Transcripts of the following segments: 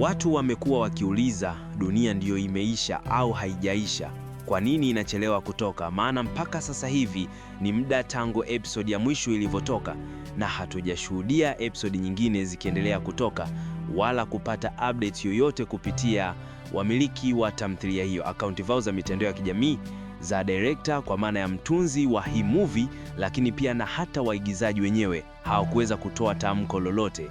Watu wamekuwa wakiuliza dunia ndiyo imeisha au haijaisha? Kwa nini inachelewa kutoka? Maana mpaka sasa hivi ni muda tangu episodi ya mwisho ilivyotoka, na hatujashuhudia episodi nyingine zikiendelea kutoka wala kupata update yoyote kupitia wamiliki wa tamthilia hiyo, akaunti zao za mitandao ya kijamii za director kwa maana ya mtunzi wa hii movie, lakini pia na hata waigizaji wenyewe hawakuweza kutoa tamko lolote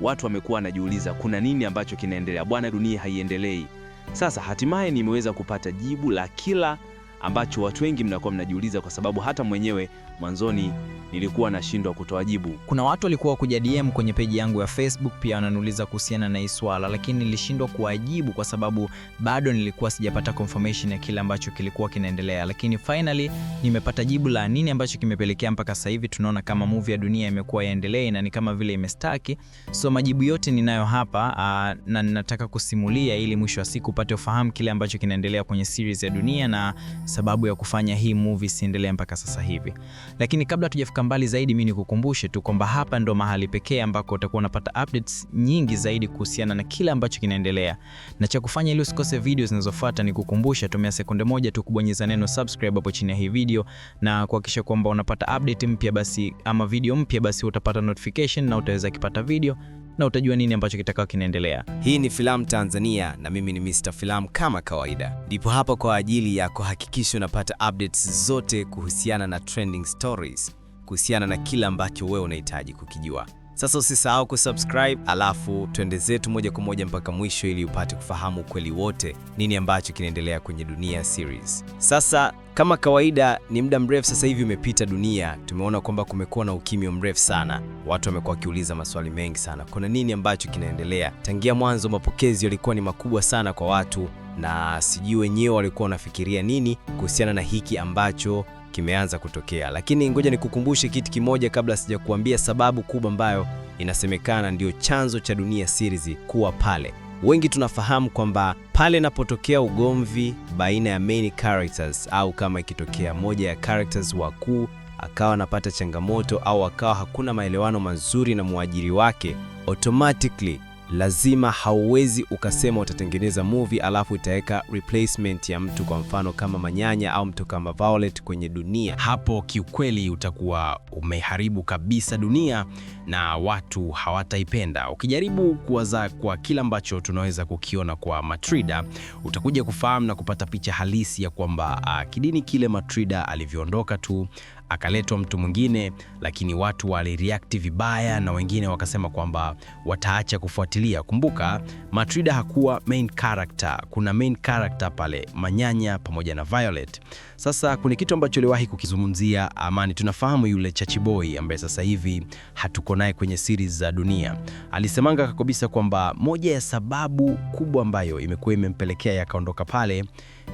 watu wamekuwa wanajiuliza kuna nini ambacho kinaendelea, bwana, dunia haiendelei. Sasa hatimaye nimeweza kupata jibu la kila ambacho watu wengi mnakuwa mnajiuliza, kwa sababu hata mwenyewe mwanzoni nilikuwa nashindwa kutoa jibu. Kuna watu walikuwa kuja DM kwenye peji yangu ya Facebook pia wananiuliza kuhusiana na hii swala, lakini nilishindwa kuwajibu kwa sababu bado nilikuwa sijapata confirmation ya kile ambacho kilikuwa kinaendelea, lakini finally nimepata jibu la nini ambacho kimepelekea mpaka sasa hivi tunaona kama movie ya dunia imekuwa yaendelee na ni kama vile imestaki. So majibu yote ninayo hapa aa, ah, na ninataka kusimulia ili mwisho wa siku upate ufahamu kile ambacho kinaendelea kwenye series ya dunia na sababu ya kufanya hii movie siendelee mpaka sasa hivi, lakini kabla tujafika kutoka mbali zaidi, mimi nikukumbushe tu kwamba hapa ndo mahali pekee ambako utakuwa unapata updates nyingi zaidi kuhusiana na kila ambacho kinaendelea. Na cha kufanya ili usikose video zinazofuata, ni kukumbusha, tumia sekunde moja tu kubonyeza neno subscribe hapo chini ya hii video na kuhakikisha kwamba unapata update mpya basi, ama video mpya basi, utapata notification na utaweza kipata video na utajua nini ambacho kitakao kinaendelea. Hii ni Filamu Tanzania na mimi ni Mr. Filamu kama kawaida. Ndipo hapa kwa ajili ya kuhakikisha unapata updates zote kuhusiana na trending stories kuhusiana na kila ambacho wewe unahitaji kukijua. Sasa usisahau kusubscribe, alafu twende zetu moja kwa moja mpaka mwisho ili upate kufahamu ukweli wote, nini ambacho kinaendelea kwenye Dunia Series. Sasa kama kawaida, ni muda mrefu sasa hivi umepita dunia, tumeona kwamba kumekuwa na ukimya mrefu sana. Watu wamekuwa wakiuliza maswali mengi sana, kuna nini ambacho kinaendelea? Tangia mwanzo mapokezi yalikuwa ni makubwa sana kwa watu, na sijui wenyewe walikuwa wanafikiria nini kuhusiana na hiki ambacho kimeanza kutokea. Lakini ngoja nikukumbushe kitu kimoja kabla sijakuambia sababu kubwa ambayo inasemekana ndiyo chanzo cha Dunia Series kuwa pale. Wengi tunafahamu kwamba pale inapotokea ugomvi baina ya main characters au kama ikitokea moja ya characters wakuu akawa anapata changamoto au akawa hakuna maelewano mazuri na mwajiri wake, automatically lazima hauwezi ukasema utatengeneza movie alafu itaweka replacement ya mtu, kwa mfano kama Manyanya au mtu kama Violet kwenye Dunia. Hapo kiukweli utakuwa umeharibu kabisa Dunia na watu hawataipenda. Ukijaribu kuwaza kwa kila ambacho tunaweza kukiona kwa Matrida, utakuja kufahamu na kupata picha halisi ya kwamba ah, kidini kile Matrida alivyoondoka tu akaletwa mtu mwingine, lakini watu walireact vibaya na wengine wakasema kwamba wataacha kufuatilia. Kumbuka Matrida hakuwa main character, kuna main character pale Manyanya pamoja na Violet. Sasa kuna kitu ambacho aliwahi kukizungumzia Amani. Tunafahamu yule Chachiboi ambaye sasa hivi hatuko naye kwenye series za Dunia, alisemanga kabisa kwamba moja ya sababu kubwa ambayo imekuwa imempelekea yakaondoka pale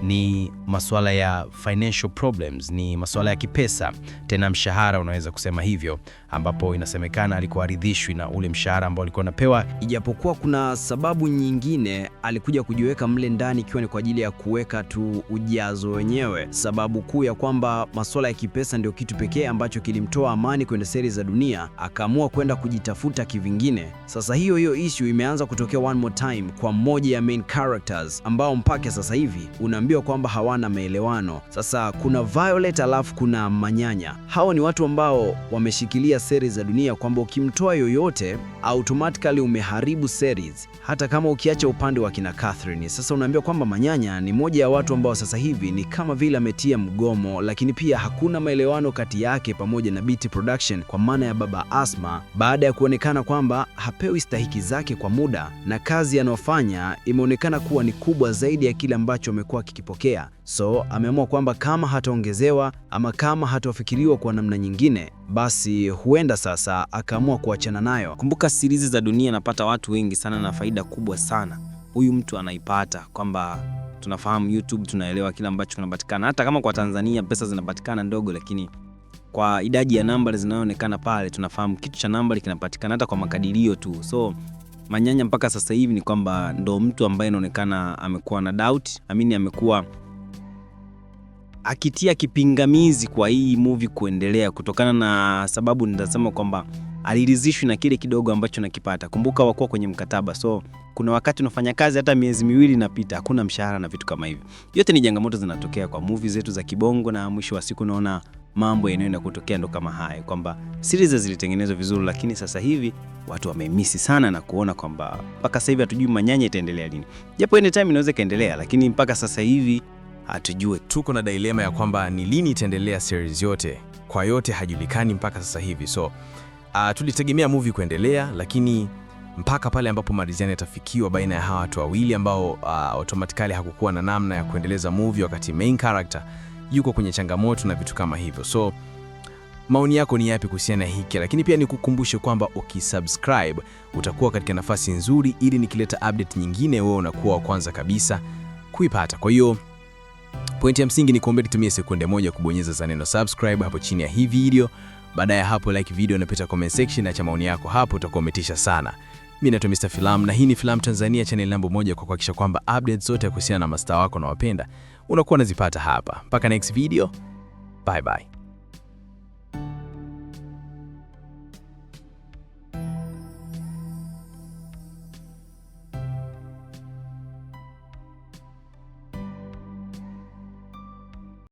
ni masuala ya financial problems, ni masuala ya kipesa, tena mshahara, unaweza kusema hivyo, ambapo inasemekana alikuwa aridhishwi na ule mshahara ambao alikuwa anapewa, ijapokuwa kuna sababu nyingine alikuja kujiweka mle ndani, ikiwa ni kwa ajili ya kuweka tu ujazo wenyewe, sababu kuu ya kwamba masuala ya kipesa ndio kitu pekee ambacho kilimtoa Amani kwenda seri za dunia, akaamua kwenda kujitafuta kivingine. Sasa hiyo hiyo issue imeanza kutokea one more time kwa mmoja ya main characters ambao mpaka sasa hivi una tunaambiwa kwamba hawana maelewano. Sasa kuna Violet alafu kuna Manyanya. Hao ni watu ambao wameshikilia series za dunia kwamba ukimtoa yoyote automatically umeharibu series, hata kama ukiacha upande wa kina Catherine. Sasa unaambiwa kwamba Manyanya ni moja ya watu ambao sasa hivi ni kama vile ametia mgomo, lakini pia hakuna maelewano kati yake pamoja na Beat Production kwa maana ya baba Asma, baada ya kuonekana kwamba hapewi stahiki zake kwa muda na kazi anayofanya imeonekana kuwa ni kubwa zaidi ya kile ambacho amekuwa akikipokea. So ameamua kwamba kama hataongezewa ama kama hatafikiriwa kwa namna nyingine, basi huenda sasa akaamua kuachana nayo. Kumbuka, siri hizi za dunia napata watu wengi sana na faida kubwa sana huyu mtu anaipata kwamba tunafahamu YouTube, tunaelewa kila ambacho kinapatikana. Hata kama kwa Tanzania pesa zinapatikana ndogo, lakini kwa idadi ya nambari zinayoonekana pale, tunafahamu kitu cha nambari kinapatikana hata kwa makadirio tu. So Manyanya mpaka sasa hivi ni kwamba ndo mtu ambaye inaonekana amekuwa na doubt, amini amekuwa akitia kipingamizi kwa hii movie kuendelea, kutokana na sababu nitasema kwamba aliridhishwi na kile kidogo ambacho nakipata. Kumbuka wakuwa kwenye mkataba, so kuna wakati unafanya kazi hata miezi miwili inapita, hakuna mshahara na vitu kama hivyo. Yote ni changamoto zinatokea kwa movie zetu za kibongo, na mwisho wa siku naona mambo yanayoenda kutokea ndo kama haya kwamba series zilitengenezwa vizuri, lakini sasa hivi watu wamemisi sana na kuona kwamba mpaka sasa hivi hatujui manyanya itaendelea lini, japo anytime inaweza ikaendelea, lakini mpaka sasa hivi hatujui. Tuko na dilema ya kwamba ni lini itaendelea series yote, kwa yote hajulikani mpaka sasa hivi. So uh, tulitegemea movie kuendelea, lakini mpaka pale ambapo maridhiano yatafikiwa baina ya hawa watu wawili ambao uh, automatically hakukuwa na namna ya kuendeleza movie wakati main character yuko kwenye changamoto na vitu kama hivyo. So maoni yako ni yapi kuhusiana na hiki? Lakini pia nikukumbushe kwamba ukisubscribe utakuwa katika nafasi nzuri, ili nikileta update nyingine wewe unakuwa wa kwanza kabisa kuipata. Kwa hiyo pointi ya msingi ni kuombea tumie sekunde moja kubonyeza za neno subscribe hapo chini ya hii video. Baada ya hapo like video na pita comment section, acha maoni yako hapo, utakuwa umetisha sana. Mimi naitwa Mr. Filam na hii ni Filam Tanzania, channel namba moja kwa kuhakikisha kwamba updates zote kuhusiana na mastaa wako na wapenda unakuwa unazipata hapa. Mpaka next video, bye bye.